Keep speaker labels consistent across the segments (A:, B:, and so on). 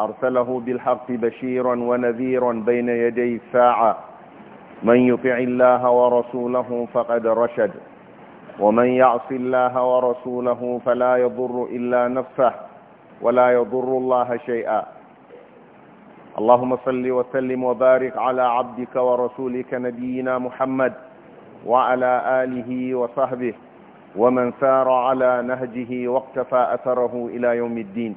A: أرسله بالحق بشيرا ونذيرا بين يدي الساعة من يطع الله ورسوله فقد رشد ومن يعص الله ورسوله فلا يضر إلا نفسه ولا يضر الله شيئا اللهم صل وسلم وبارك على عبدك ورسولك نبينا محمد وعلى آله وصحبه ومن سار على نهجه واقتفى أثره إلى يوم الدين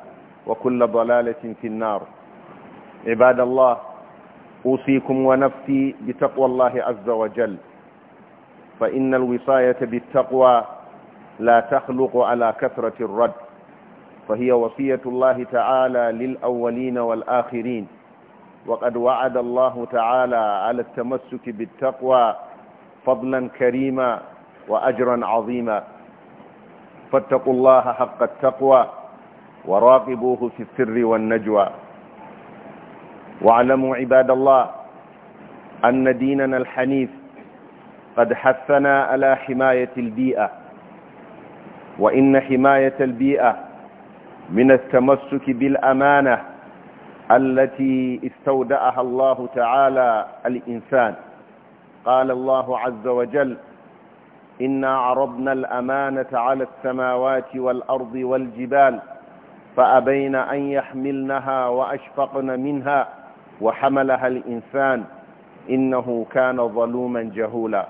A: وكل ضلالة في النار عباد الله أوصيكم ونفسي بتقوى الله عز وجل فإن الوصاية بالتقوى لا تخلق على كثرة الرد فهي وصية الله تعالى للأولين والآخرين وقد وعد الله تعالى على التمسك بالتقوى فضلا كريما وأجرا عظيما فاتقوا الله حق التقوى وراقبوه في السر والنجوى واعلموا عباد الله أن ديننا الحنيف قد حثنا على حماية البيئة وإن حماية البيئة من التمسك بالأمانة التي استودعها الله تعالى الإنسان قال الله عز وجل إنا عرضنا الأمانة على السماوات والأرض والجبال فأبين أن يحملنها وأشفقن منها وحملها الإنسان إنه كان ظلوما جهولا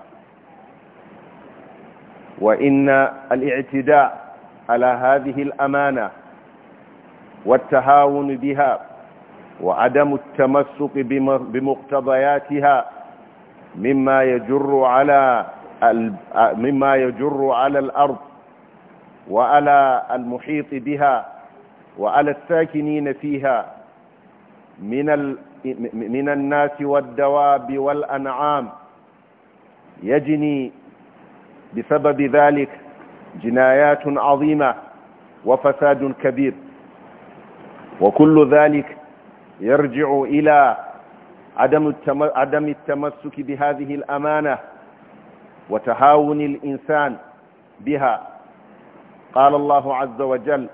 A: وإن الاعتداء على هذه الأمانة والتهاون بها وعدم التمسك بمقتضياتها مما يجر على مما يجر على الأرض وعلى المحيط بها وعلى الساكنين فيها من, من الناس والدواب والأنعام يجني بسبب ذلك جنايات عظيمة وفساد كبير وكل ذلك يرجع إلى عدم التمسك بهذه الأمانة وتهاون الإنسان بها قال الله عز وجل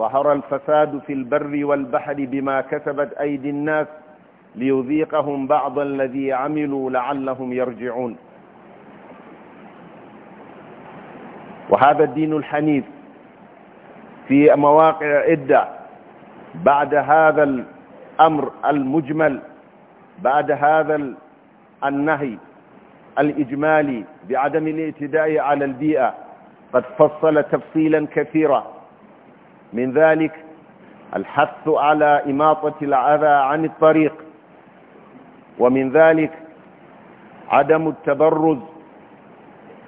A: ظهر الفساد في البر والبحر بما كسبت أيدي الناس ليذيقهم بعض الذي عملوا لعلهم يرجعون وهذا الدين الحنيف في مواقع عدة بعد هذا الأمر المجمل بعد هذا النهي الإجمالي بعدم الاعتداء على البيئة قد فصل تفصيلا كثيرا من ذلك الحث على إماطة العذى عن الطريق ومن ذلك عدم التبرز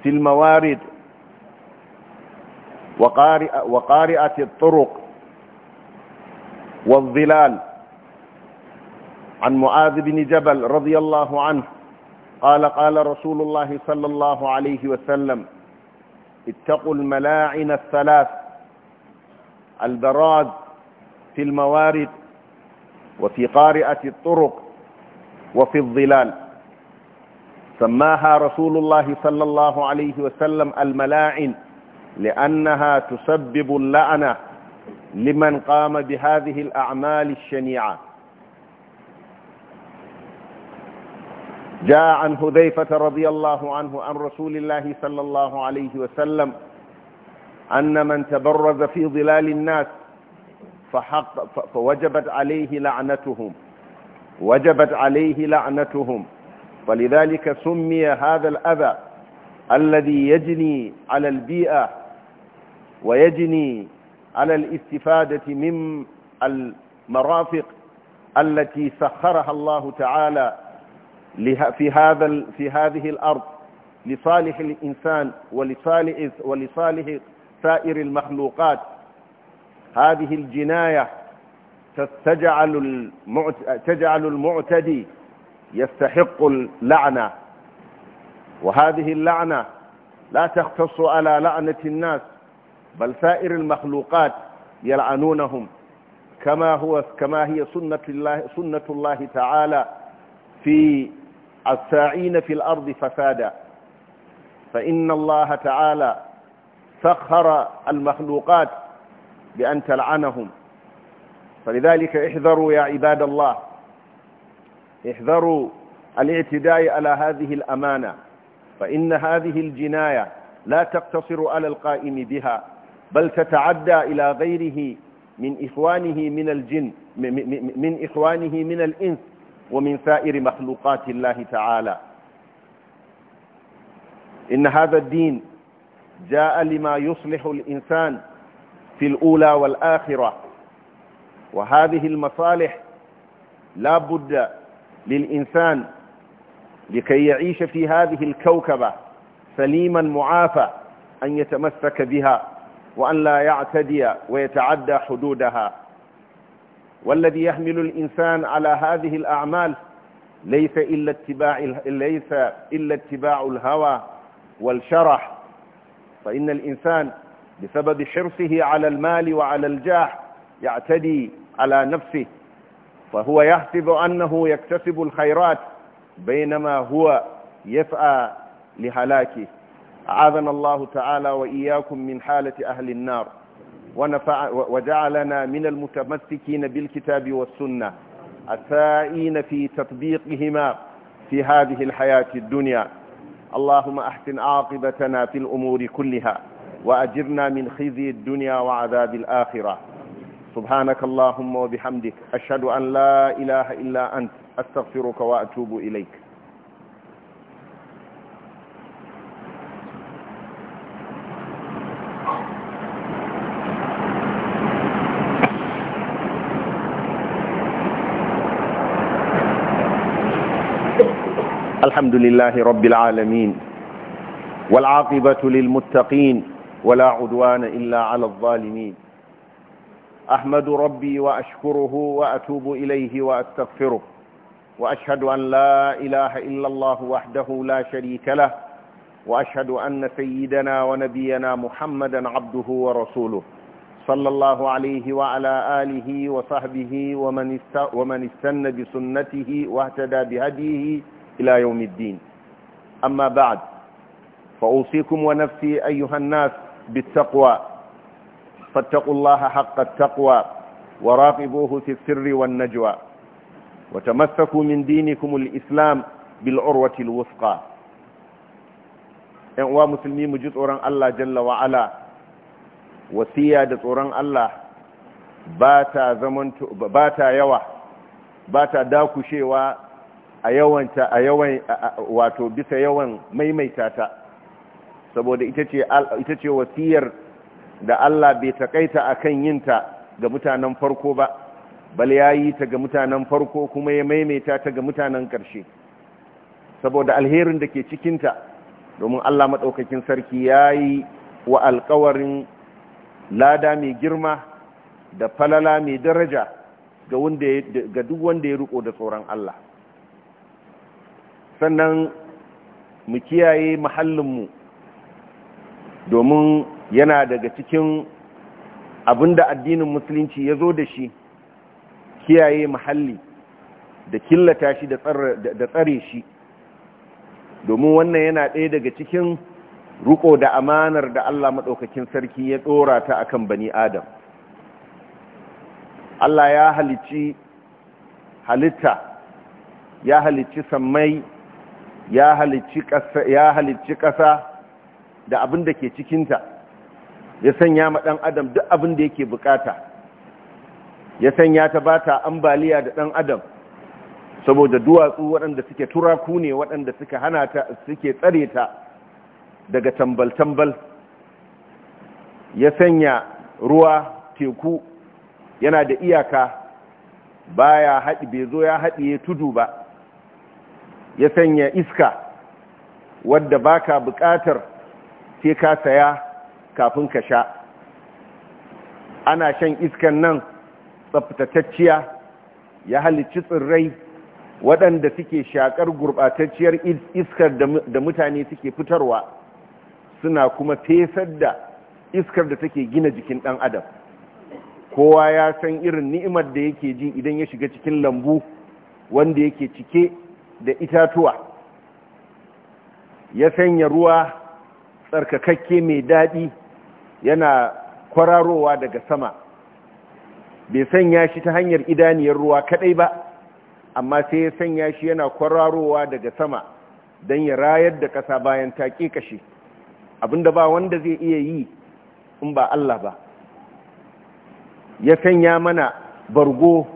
A: في الموارد وقارئة الطرق والظلال عن معاذ بن جبل رضي الله عنه قال قال رسول الله صلى الله عليه وسلم اتقوا الملاعن الثلاث البراد في الموارد وفي قارئة الطرق وفي الظلال سماها رسول الله صلى الله عليه وسلم الملاعن لأنها تسبب اللعنة لمن قام بهذه الأعمال الشنيعة جاء عن هذيفة رضي الله عنه عن رسول الله صلى الله عليه وسلم أن من تبرز في ظلال الناس فحق فوجبت عليه لعنتهم وجبت عليه لعنتهم فلذلك سمي هذا الأذى الذي يجني على البيئة ويجني على الاستفادة من المرافق التي سخرها الله تعالى في هذا في هذه الأرض لصالح الإنسان ولصالح ولصالح سائر المخلوقات هذه الجناية تجعل تجعل المعتدي يستحق اللعنة وهذه اللعنة لا تختص على لعنة الناس بل سائر المخلوقات يلعنونهم كما هو كما هي سنة الله سنة الله تعالى في الساعين في الأرض فسادا فإن الله تعالى سخر المخلوقات بأن تلعنهم فلذلك احذروا يا عباد الله احذروا الاعتداء على هذه الأمانة فإن هذه الجناية لا تقتصر على القائم بها بل تتعدى إلى غيره من إخوانه من الجن من إخوانه من الإنس ومن سائر مخلوقات الله تعالى إن هذا الدين جاء لما يصلح الإنسان في الأولى والآخرة وهذه المصالح لا بد للإنسان لكي يعيش في هذه الكوكبة سليما معافى أن يتمسك بها وأن لا يعتدي ويتعدى حدودها والذي يحمل الإنسان على هذه الأعمال ليس إلا اتباع, ليس إلا اتباع الهوى والشرح فإن الإنسان بسبب حرصه على المال وعلى الجاه يعتدي على نفسه فهو يحسب أنه يكتسب الخيرات بينما هو يسعى لهلاكه أعاذنا الله تعالى وإياكم من حالة أهل النار ونفع وجعلنا من المتمسكين بالكتاب والسنة السائين في تطبيقهما في هذه الحياة الدنيا اللهم أحسن عاقبتنا في الأمور كلها وأجرنا من خزي الدنيا وعذاب الآخرة سبحانك اللهم وبحمدك أشهد أن لا إله إلا أنت أستغفرك وأتوب إليك الحمد لله رب العالمين والعاقبة للمتقين ولا عدوان إلا على الظالمين أحمد ربي وأشكره وأتوب إليه وأستغفره وأشهد أن لا إله إلا الله وحده لا شريك له وأشهد أن سيدنا ونبينا محمدا عبده ورسوله صلى الله عليه وعلى آله وصحبه ومن استنى بسنته واهتدى بهديه إلى يوم الدين أما بعد فأوصيكم ونفسي أيها الناس بالتقوى فاتقوا الله حق التقوى وراقبوه في السر والنجوى وتمسكوا من دينكم الإسلام بالعروة الوثقى ‘yan مسلمين مجد أوران الله جل وعلا وسيادة أوران الله باتا زمن باتا ba باتا داكو ba a yawanta a yawan wato bisa yawan maimaita ta saboda ita ce ita ce wasiyar da Allah bai takaita akan yinta ga mutanen farko ba bal yayi ta ga mutanen farko kuma ya maimaita ta ga mutanen ƙarshe, saboda alherin da ke cikin ta domin Allah maɗaukakin sarki yayi wa alƙawarin lada mai girma da falala mai daraja ga duk wanda ya riƙo da tsoron Allah sannan mu kiyaye mahallinmu domin yana daga cikin abinda addinin musulunci ya zo da shi kiyaye mahalli da killata shi da tsare shi domin wannan yana ɗaya daga cikin ruko da amanar da Allah maɗaukakin sarki ya tsora ta kan bani adam Allah ya halicci halitta ya halicci sammai ya halicci ƙasa da abin da ke cikinta ya sanya ma ɗan adam duk abin da yake bukata ya sanya ta ba ta ambaliya da ɗan adam saboda duwatsu waɗanda suke turaku ne waɗanda suke hana ta suke tsare ta daga tambal-tambal ya sanya ruwa teku yana da iyaka baya haɗi bai zo ya haɗiye tudu ba ya sanya iska wadda baka bukatar sai ka saya kafin ka sha ana shan iskan nan tsaftatacciya ya halicci tsirrai waɗanda suke shakar gurɓatacciyar iskar da mutane suke fitarwa suna kuma fesar da iskar da take gina jikin ɗan adam kowa ya san irin ni'imar da yake ji idan ya shiga cikin lambu wanda yake cike da itatuwa ya sanya ruwa tsarkakakke mai daɗi yana kwararowa daga sama bai sanya shi ta hanyar idaniyar ruwa kaɗai ba amma sai ya sanya shi yana kwararowa daga sama don ya rayar da ƙasa bayan ta ƙiƙashe abinda ba wanda zai iya yi in ba Allah ba ya sanya mana bargo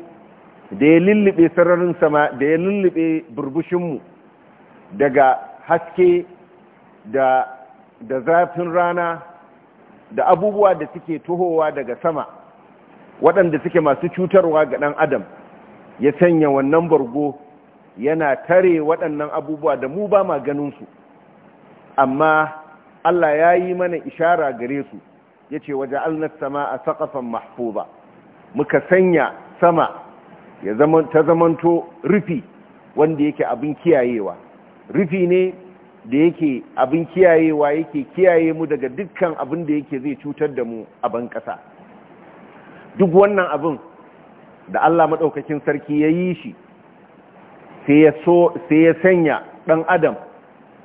A: da ya lullube sararin sama da ya lullube burbushinmu daga haske da zafin rana da abubuwa da suke tuhowa daga sama waɗanda suke masu cutarwa ga ɗan adam ya sanya wannan bargo yana tare waɗannan abubuwa da mu ba ma ganinsu amma Allah ya yi mana ishara gare su ya ce waje alnar sama a saƙafan mahfuba muka sanya sama ya ta zamanto rufi wanda yake abin kiyayewa rufi ne da yake abin kiyayewa yake kiyaye mu daga dukkan abin da yake zai cutar da mu a ban ƙasa duk wannan abin da Allah maɗaukakin sarki ya yi shi sai ya sanya ɗan adam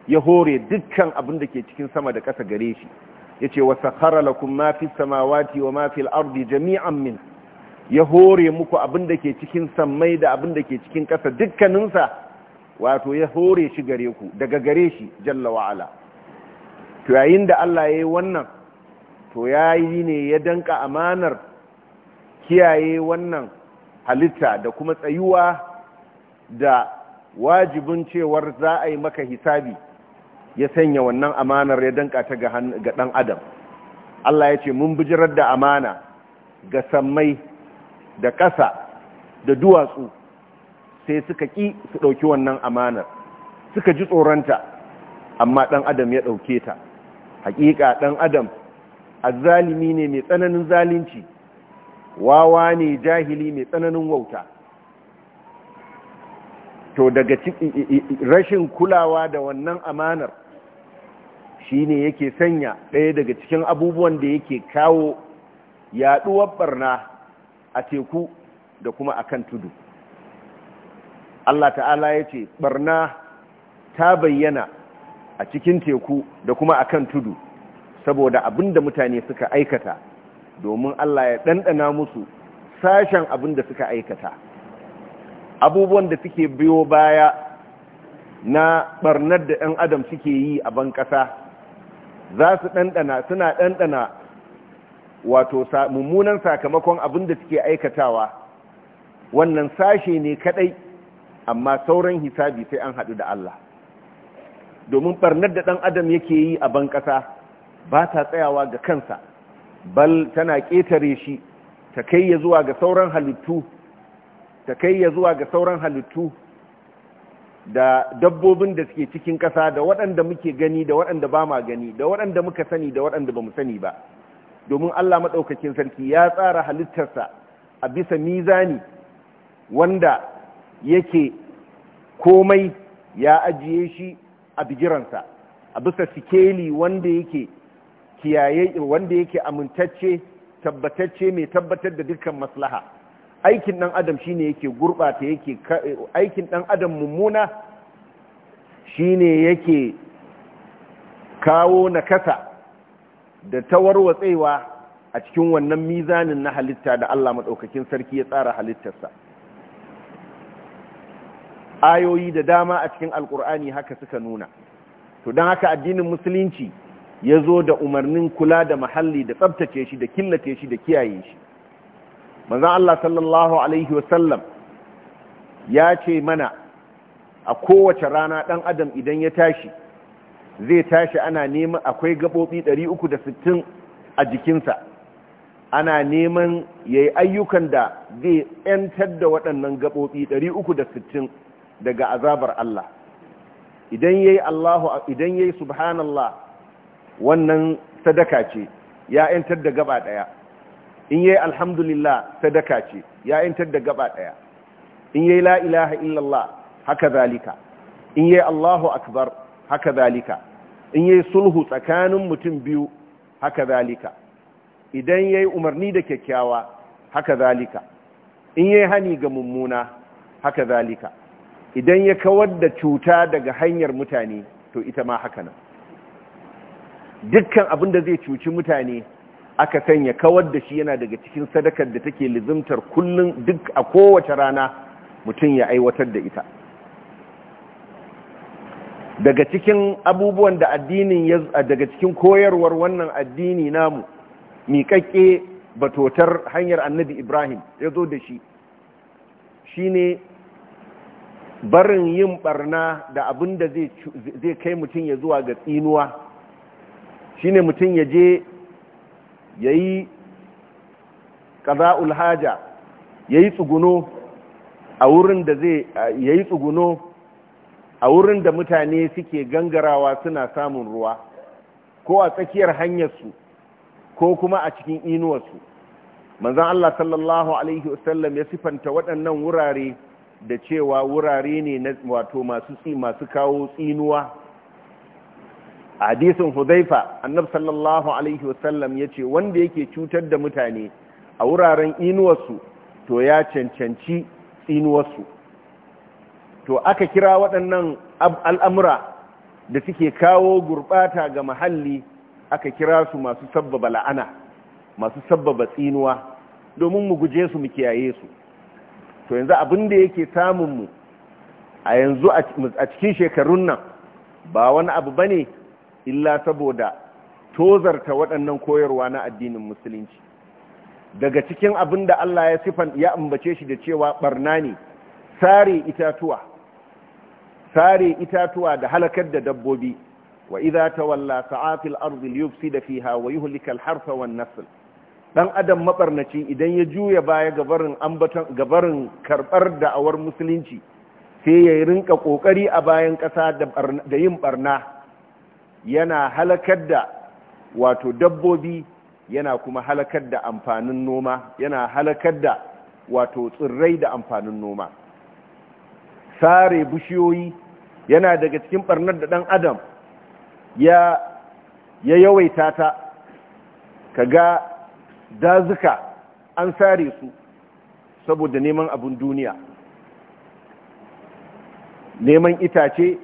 A: ya hore dukkan abin da ke cikin sama da ƙasa gare shi yace ce wasa haralakun mafi samawati wa mafi al'ardi jami'an min ya hore muku abin da ke cikin sammai da abin da ke cikin ƙasa dukkaninsa wato ya hore shi gare ku daga gare shi jalla wa'ala to yayin da Allah ya yi wannan to ya yi ne ya danka amanar kiyaye wannan halitta da kuma tsayuwa da wajibin cewar za a yi maka hisabi ya sanya wannan amanar ya danka ta ga ɗan adam Allah ya ce mun bijirar da amana ga sammai da ƙasa da duwatsu sai suka ƙi su ɗauki wannan amanar suka ji tsoronta amma ɗan adam ya ɗauke ta haƙiƙa ɗan adam zalimi ne mai tsananin zalunci wawa ne jahili mai tsananin wauta to daga rashin kulawa da wannan amanar shi ne yake sanya ɗaya daga cikin abubuwan da yake kawo yaɗuwar barna a teku da kuma a kan tudu Allah ta'ala ya ce barna ta bayyana a cikin teku da kuma a kan tudu saboda abin da mutane suka aikata domin Allah ya ɗanɗana musu sashen abin da suka aikata abubuwan da suke biyo baya na ɓarnar da 'yan adam suke yi a ban ƙasa za su ɗanɗana suna ɗanɗana wato mummunan sakamakon abin da suke aikatawa wannan sashe ne kadai amma sauran hisabi sai an haɗu da Allah domin ɓarnar da ɗan adam yake yi a ban ƙasa ba ta tsayawa ga kansa bal tana ƙetare shi ta kai ya zuwa ga sauran halittu ta kai ya zuwa ga sauran halittu da dabbobin da suke cikin ƙasa da waɗanda muke gani da waɗanda ba ma gani da waɗanda muka sani da waɗanda ba mu sani ba domin Allah maɗaukakin sarki ya tsara halittarsa a bisa mizani wanda yake komai ya ajiye shi a bijiransa. a bisa sikeli wanda yake kiyaye wanda yake amintacce tabbatacce mai tabbatar da dukkan maslaha aikin ɗan adam shine yake gurɓata yake aikin ɗan adam mummuna shine yake kawo nakasa da ta warwatsewa a cikin wannan mizanin na halitta da Allah maɗaukakin sarki ya tsara halittarsa ayoyi da dama a cikin alkur'ani haka suka nuna to don haka addinin musulunci ya zo da umarnin kula da mahalli da tsabtace shi da killace shi da kiyaye shi manzan Allah sallallahu alaihi wasallam ya ce mana a kowace rana ɗan adam idan ya tashi zai tashi ana neman akwai gabobi 360 a jikinsa ana neman yayi ayyukan da zai yantar da waɗannan gabobi 360 daga azabar Allah idan yi Allah idan yi subhanallah wannan sadaka ce ya yantar da gaba ɗaya. in ya yi alhamdulillah sadaka ce ya yantar da gaba ɗaya. in ya yi lailaha illallah haka zalika in yi Allahu akbar haka zalika in yayi sulhu tsakanin mutum biyu haka zalika idan yayi umarni da kyakkyawa haka zalika in yayi hani ga mummuna haka zalika idan ya kawar da cuta daga hanyar mutane to ita ma haka nan dukkan abin da zai cuci mutane aka sanya kawar da shi yana daga cikin sadakar da take lizimtar kullum duk a kowace rana mutum ya aiwatar da ita daga cikin abubuwan da addinin daga cikin koyarwar wannan addini namu miƙaƙe batotar hanyar annabi ibrahim ya zo da shi shi ne barin yin barna da abin da zai kai mutum ya zuwa ga tsinuwa shi ne mutum ya je ya yi ƙaza'ul haja ya yi tsuguno a wurin da zai ya yi tsuguno a wurin da mutane suke gangarawa suna samun ruwa ko a tsakiyar hanyarsu ko kuma a cikin inuwarsu manzan Allah sallallahu Alaihi wasallam ya sifanta waɗannan wurare da cewa wurare ne na wato masu tsi masu kawo tsinuwa a hadisin huzaifa annab sallallahu Alaihi wasallam ya ce wanda yake cutar da mutane a wuraren inuwarsu to ya cancanci tsinuwarsu to aka kira waɗannan al'amura da suke kawo gurɓata ga mahalli aka kira su masu sabbaba la'ana masu sabbaba tsinuwa domin mu guje su mu kiyaye su to yanzu abin da yake samunmu a yanzu a cikin shekarun nan ba wani abu ba ne illa saboda tozarta waɗannan koyarwa na addinin musulunci daga cikin abin da Allah ya siffan ya ambace shi da cewa ɓarna ne sare itatuwa sare itatuwa da halakar da dabbobi wa idza tawalla sa'at al-ardi liyufsida fiha wa yuhlikal harfa wan nasl dan adam mabarnaci idan ya juya baya gabarin ambatan gabarin karbar da'awar musulunci sai ya rinka kokari a bayan kasa da yin barna yana halakar da wato dabbobi yana kuma halakar da amfanin noma yana halakar da wato tsirrai da amfanin noma sare bishiyoyi yana daga cikin barnar da ɗan adam ya yawaita ta ka ga dazuka an sare su saboda neman abun duniya neman itace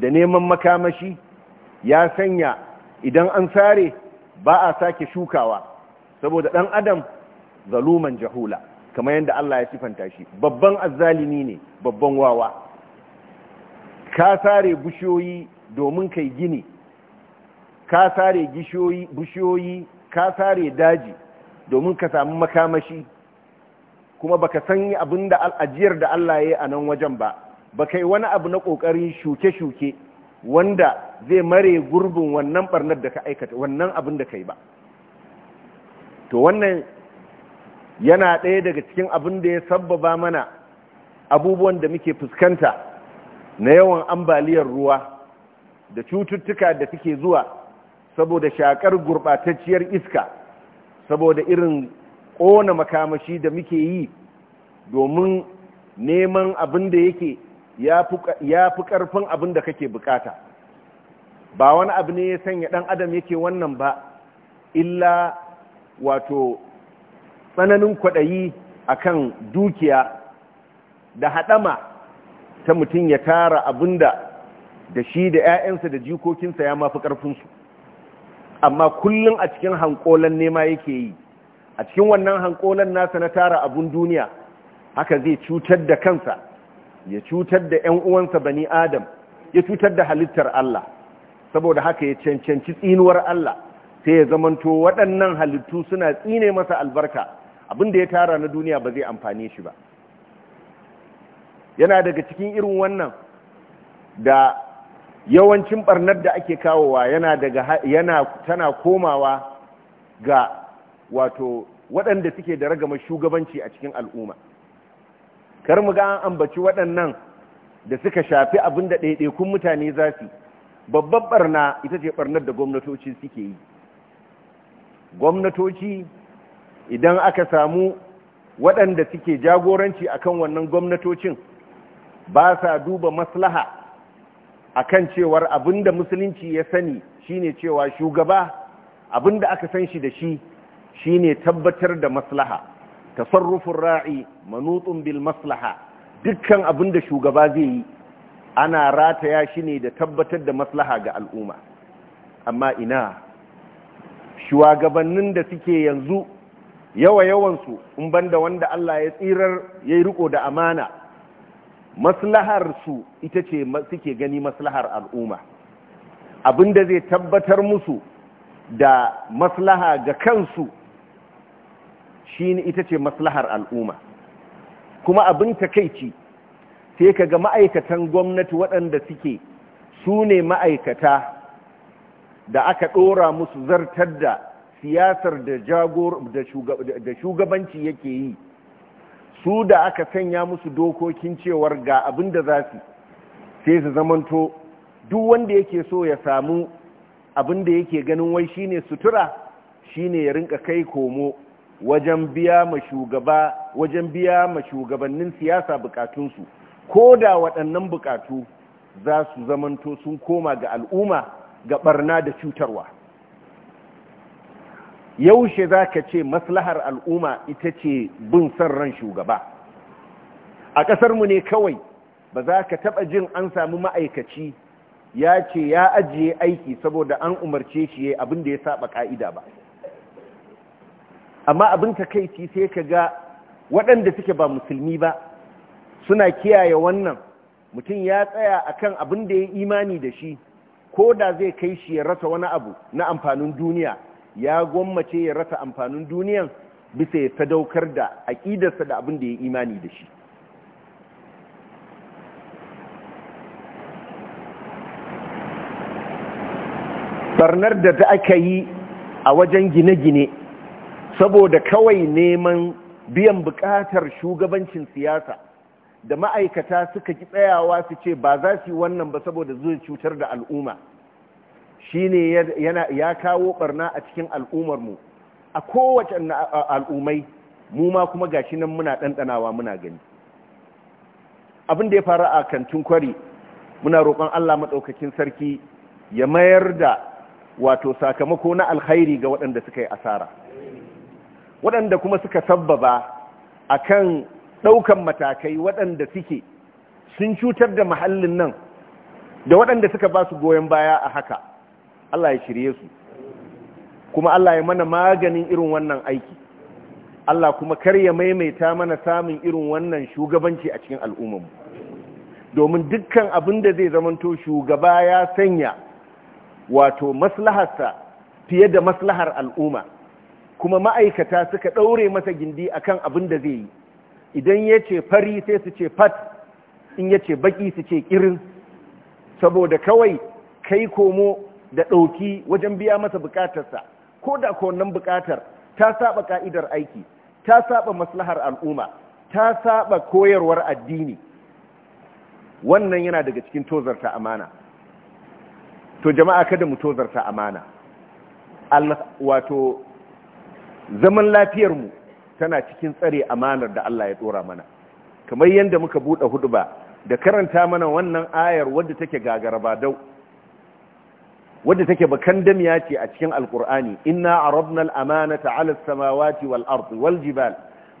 A: da neman makamashi ya sanya idan an sare ba a sake shukawa saboda ɗan adam zaluman jahula kamar yadda Allah ya sifanta shi babban azzalimi ne babban wawa ka sare bushoyi domin kai gini ka sare bushoyi ka sare daji domin ka samu makamashi kuma baka san abin da al'ajiyar da Allah ya yi a nan wajen ba ba kai wani abu na ƙoƙari shuke-shuke wanda zai mare gurbin wannan barnar da ka aikata wannan abin da kai ba to wannan yana ɗaya daga cikin abin da ya sabbaba mana abubuwan da muke fuskanta na yawan ambaliyar ruwa da cututtuka da suke zuwa saboda shakar gurbatacciyar iska saboda irin ƙona makamashi da muke yi domin neman abin da yake ya fi ƙarfin abin da kake bukata ba wani abu ne ya sanya ɗan adam yake wannan ba illa wato tsananin kwaɗayi akan dukiya da haɗama ta mutum ya tara abinda da da shi da 'ya'yansa da jikokinsa ya mafi ƙarfinsu amma kullum a cikin hankolan nema yake yi a cikin wannan hankolan nasa na tara abun duniya haka zai cutar da kansa ya cutar da 'yan uwansa bani adam ya cutar da halittar Allah saboda haka ya cancanci tsinuwar Allah sai ya zamanto waɗannan halittu suna tsine masa albarka abin da ya tara na duniya ba zai amfane shi ba yana daga cikin irin wannan da yawancin barnar da ake kawowa yana daga yana tana komawa ga wato waɗanda suke da ragamar shugabanci a cikin al'umma kar mu ga an ambaci waɗannan da suka shafi abin da ɗaiɗaikun mutane za su babbar barna ita ce barnar da gwamnatoci suke yi gwamnatoci idan aka samu waɗanda suke jagoranci akan wannan gwamnatocin ba sa duba maslaha akan cewar abinda musulunci ya sani shine cewa shugaba abinda aka san shi da shi shine tabbatar da maslaha tasarrufin ra'i manutun bil maslaha dukkan abinda shugaba zai yi ana rataya shi ne da tabbatar da maslaha ga al'umma amma ina shugabannin da suke yanzu yawa yawansu in banda wanda Allah ya tsirar ya yi riko da amana maslahar su ita ce suke gani maslahar al'umma abin da zai tabbatar musu da maslaha ga kansu shi ita ce maslahar al'umma kuma abin takaici sai kaga ma'aikatan gwamnati waɗanda suke su ne ma'aikata da aka ɗora musu zartar da siyasar da shugabanci yake yi su da aka sanya musu dokokin cewar ga abin da za su sai su zamanto duk wanda yake so ya samu abin da yake ganin wai shine sutura shine ya rinka kai komo wajen biya ma shugaba wajen biya ma shugabannin siyasa bukatunsu ko da waɗannan bukatu za su zamanto sun koma ga al'umma ga ɓarna da cutarwa yaushe za ka ce maslahar al'umma ita ce bin son ran shugaba a ƙasarmu ne kawai ba za ka taɓa jin an samu ma'aikaci ya ce ya ajiye aiki saboda an umarce shi ya abin da ya saba ƙa'ida ba amma abin takaici sai ka ga waɗanda suke ba musulmi ba suna kiyaye wannan mutum ya tsaya akan abin da ya imani da shi ko da zai kai shi ya rasa wani abu na amfanin duniya ya gwammace ya rasa amfanin duniyan bisa ya sadaukar da aƙidarsa da abin da ya imani da shi barnar da ta aka yi a wajen gine-gine saboda kawai neman biyan bukatar shugabancin siyasa da ma'aikata suka ki tsayawa su ce ba za su yi wannan ba saboda zuwa cutar da al'umma Shi ne ya kawo barna a cikin al'ummarmu a kowace al'ummai mu ma kuma gashi nan muna ɗanɗanawa muna gani abin da ya faru a kantin kwari muna roƙon Allah maɗaukakin sarki ya mayar da wato sakamako na alkhairi ga waɗanda suka yi asara waɗanda kuma suka sabbaba a kan ɗaukan matakai waɗanda suke sun cutar da mahallin nan da waɗanda suka ba su goyon baya a haka Allah ya shirye su kuma Allah ya mana maganin irin wannan aiki Allah kuma kar ya maimaita mana samun irin wannan shugabanci a cikin al'ummarmu domin dukkan abin da zai zamanto shugaba ya sanya wato maslaharsa fiye da maslahar al'umma kuma ma'aikata suka ɗaure masa gindi akan abin da zai yi idan ya ce fari sai su ce fat in ya ce baki su ce irin saboda kawai kai komo da ɗauki wajen biya masa bukatarsa ko da kowannan bukatar ta saba ka'idar aiki ta saba maslahar al'umma ta saba koyarwar addini wannan yana daga cikin tozarta amana to jama'a kada mu tozarta amana wato zaman lafiyarmu tana cikin tsare amanar da Allah ya tsora mana kamar yadda muka buɗe huduba da karanta mana wannan ayar wadda take gagara dau wadda take bakan damiya ce a cikin alkur'ani inna arabnal amanata 'ala samawati wal ardi wal jibal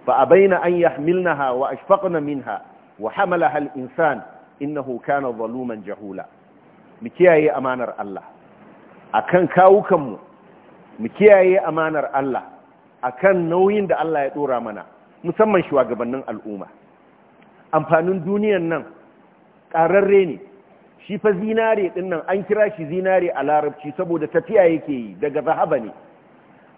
A: fa abaina an yahmilnaha wa ashfaqna minha wa hamalaha al-insan innahu kana zaluman jahula mu kiyaye amanar Allah akan kawukan mu mu kiyaye amanar Allah akan nauyin da Allah ya dora mana musamman shugabannin al'umma amfanin duniyan nan ƙararre ne shi fa zinare din nan an kira shi zinare a larabci saboda tafiya yake yi daga zahaba ne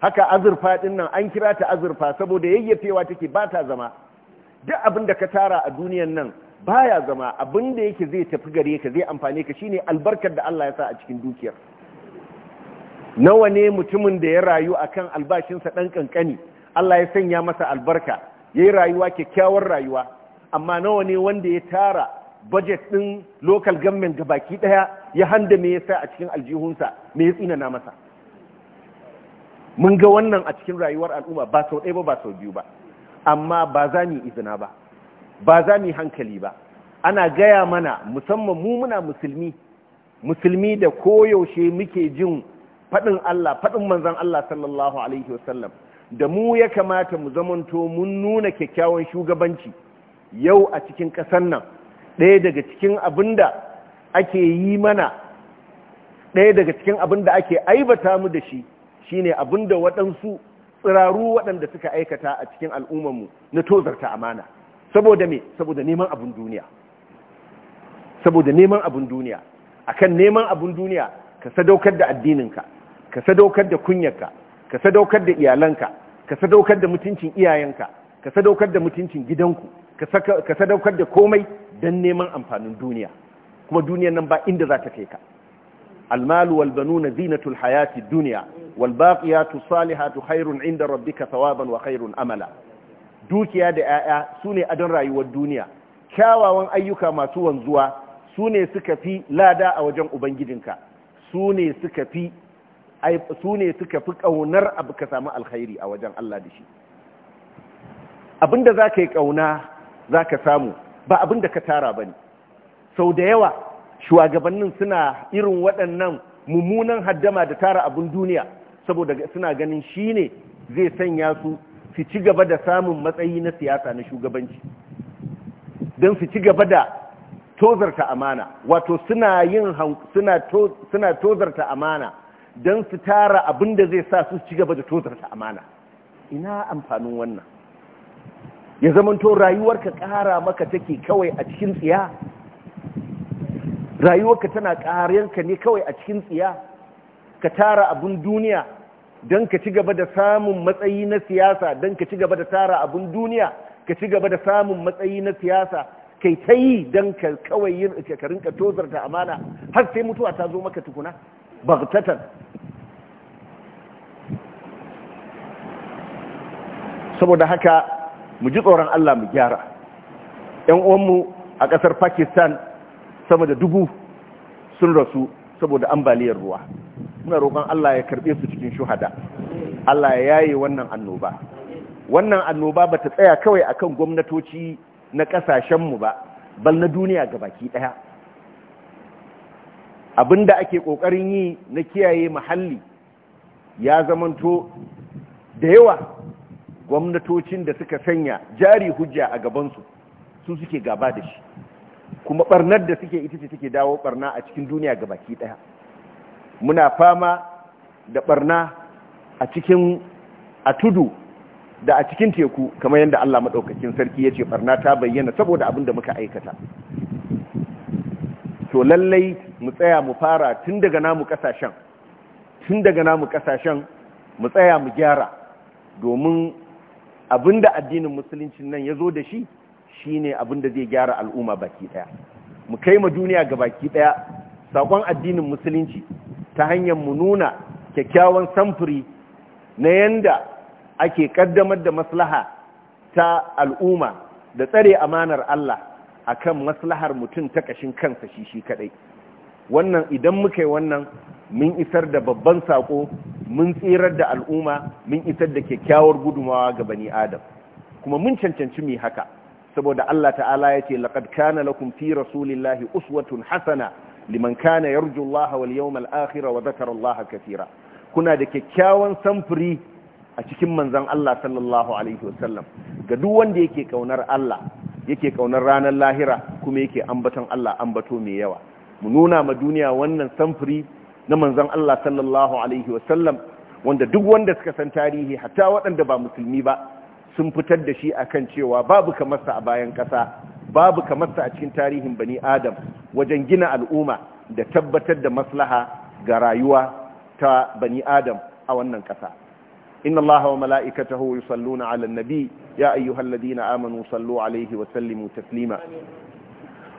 A: haka azurfa din nan an kira ta azurfa saboda yayyafewa take ba ta zama duk abin da ka tara a duniyan nan baya zama abin da yake zai tafi gare ka zai amfane ka shine albarkar da Allah ya sa a cikin dukiyar nawa ne mutumin da ya rayu akan albashinsa dan kankani Allah ya sanya masa albarka yayi rayuwa kyakkyawar rayuwa amma nawa ne wanda ya tara budget ɗin local government ga baki ɗaya ya handa me yasa a cikin aljihunsa me ya tsinana masa mun ga wannan a cikin rayuwar al'umma ba sau ɗaya ba ba sau biyu ba amma ba za mu izina ba ba za mu hankali ba ana gaya mana musamman mu muna musulmi musulmi da koyaushe muke jin faɗin Allah faɗin manzon Allah sallallahu alaihi wasallam da mu ya kamata mu zamanto mun nuna kyakkyawan shugabanci yau a cikin ƙasar nan ɗaya daga cikin abin da ake yi mana ɗaya daga cikin abin da ake aibata mu da shi shi ne abin da waɗansu tsiraru waɗanda suka aikata a cikin mu na tozarta amana saboda me saboda neman abin duniya saboda neman abin duniya akan neman abin duniya ka sadaukar da addininka ka sadaukar da kunyarka ka sadaukar da iyalanka ka sadaukar da mutuncin iyayenka ka sadaukar da mutuncin gidanku ka sadaukar da komai don neman amfanin duniya kuma duniyan nan ba inda za ta kai ka almalu wal banuna zinatul hayati duniya wal baqiyatu salihatu khairun inda rabbika thawaban wa khairun amala dukiya da 'ya'ya sune adon rayuwar duniya kyawawan ayyuka masu wanzuwa sune suka fi lada a wajen ubangijinka sune suka fi su ne suka fi ƙaunar abu ka samu alkhairi a wajen Allah da shi abinda za ka yi ƙauna za ka samu ba abin da ka tara ba ne sau da yawa shugabannin suna irin waɗannan mummunan haddama da tara abin duniya saboda suna ganin shi ne zai sanya su su ci gaba da samun matsayi na siyasa na shugabanci don su ci gaba da tozarta amana wato suna yin suna tozarta amana don su tara abin da zai sa su ci gaba da tozarta amana ina amfanin wannan ya zamanto rayuwarka kara maka take kawai a cikin tsiya rayuwarka tana ka ne kawai a cikin tsiya ka tara abun duniya don ka ci gaba da samun matsayi na siyasa don ka ci gaba da tara abun duniya ka ci gaba da samun matsayi na siyasa kai ta yi don ka kawai yin ka tozar tozarta amana har sai mutuwa ta zo maka tukuna bagtatan saboda haka mu ji tsoron Allah mu gyara yan uwanmu a ƙasar pakistan sama da dubu sun rasu saboda ambaliyar ruwa muna roƙon Allah ya karɓe su cikin shuhada Allah ya yaye wannan annoba wannan annoba ba ta tsaya kawai a kan gwamnatoci na ƙasashenmu ba bal na duniya ga baki ɗaya da ake ƙoƙarin yi na kiyaye muhalli ya zamanto da yawa gwamnatocin da suka sanya jari hujja a gabansu su suke gaba da shi kuma barnar da suke ita ce suke dawo barna a cikin duniya ga baki daya muna fama da barna a cikin a tudu da a cikin teku kamar yadda Allah madaukakin sarki ya ce barna ta bayyana saboda abin da muka aikata to lallai mu tsaya mu fara tun daga namu kasashen tun daga namu kasashen mu tsaya mu gyara domin Abin da addinin musuluncin nan ya zo da shi shine da zai gyara al'umma baki daya mu kai ma duniya ga baki daya sakon addinin musulunci ta hanyar mu nuna kyakkyawan samfuri na yanda ake kaddamar da maslaha ta al'umma da tsare amanar Allah akan maslahar mutum ta kashin kansa shi shi kadai wannan idan muka yi wannan mun isar da babban sako mun tsirar da al'umma mun isar da kyakkyawar gudumawa ga bani adam kuma mun cancanci mu haka saboda Allah ta'ala ya ce laqad kana lakum fi rasulillahi uswatun hasana liman kana yarju Allah wal yawmal akhir wa dhakara Allah katira kuna da kyakkyawan samfuri a cikin manzon Allah sallallahu alaihi wasallam ga duk wanda yake kaunar Allah yake kaunar ranar lahira kuma yake ambaton Allah ambato mai yawa mu nuna ma duniya wannan samfuri na manzon Allah sallallahu alaihi wasallam wanda duk wanda suka san tarihi hatta waɗanda ba musulmi ba sun fitar da shi akan cewa babu kamarsa a bayan ƙasa babu kamarsa a cikin tarihin bani adam wajen gina al'umma da tabbatar da maslaha ga rayuwa ta bani adam a wannan ƙasa inna allaha wa mala'ikatahu yusalluna 'alan nabi ya ayyuhalladhina amanu sallu 'alaihi wa sallimu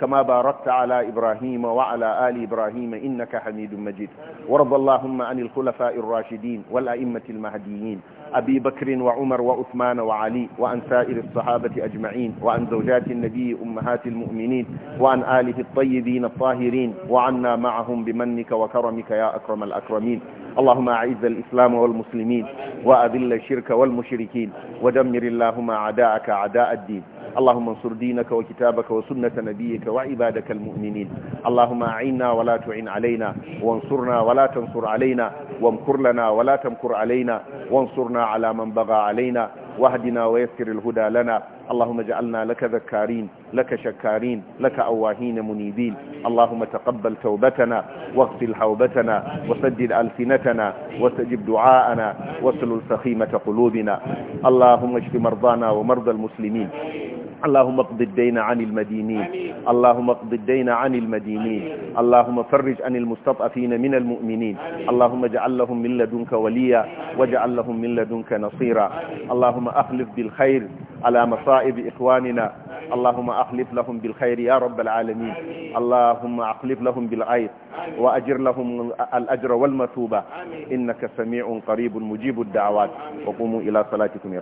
A: كما باركت على إبراهيم وعلى آل إبراهيم إنك حميد مجيد وارض اللهم عن الخلفاء الراشدين والأئمة المهديين أبي بكر وعمر وعثمان وعلي وعن سائر الصحابة أجمعين وعن زوجات النبي أمهات المؤمنين وعن آله الطيبين الطاهرين وعنا معهم بمنك وكرمك يا أكرم الأكرمين اللهم أعز الإسلام والمسلمين وأذل الشرك والمشركين ودمر اللهم أعداءك أعداء الدين اللهم انصر دينك وكتابك وسنة نبيك وعبادك المؤمنين اللهم أعنا ولا تعن علينا وانصرنا ولا تنصر علينا وامكر لنا ولا تمكر علينا وانصرنا على من بغى علينا واهدنا ويسر الهدى لنا اللهم اجعلنا لك ذكارين لك شكارين لك أواهين منيبين اللهم تقبل توبتنا واغسل حوبتنا وسدد ألسنتنا واستجب دعاءنا واسلل سخيمة قلوبنا اللهم اشف مرضانا ومرضى المسلمين اللهم اقض الدين عن المدينين اللهم اقض الدين عن المدينين اللهم فرج عن المستضعفين من المؤمنين اللهم اجعل لهم من لدنك وليا واجعل لهم من لدنك نصيرا اللهم اخلف بالخير على مصائب إخواننا اللهم أخلف لهم بالخير يا رب العالمين اللهم أخلف لهم بالعيد وأجر لهم الأجر والمثوبة إنك سميع قريب مجيب الدعوات وقوموا إلى صلاتكم يا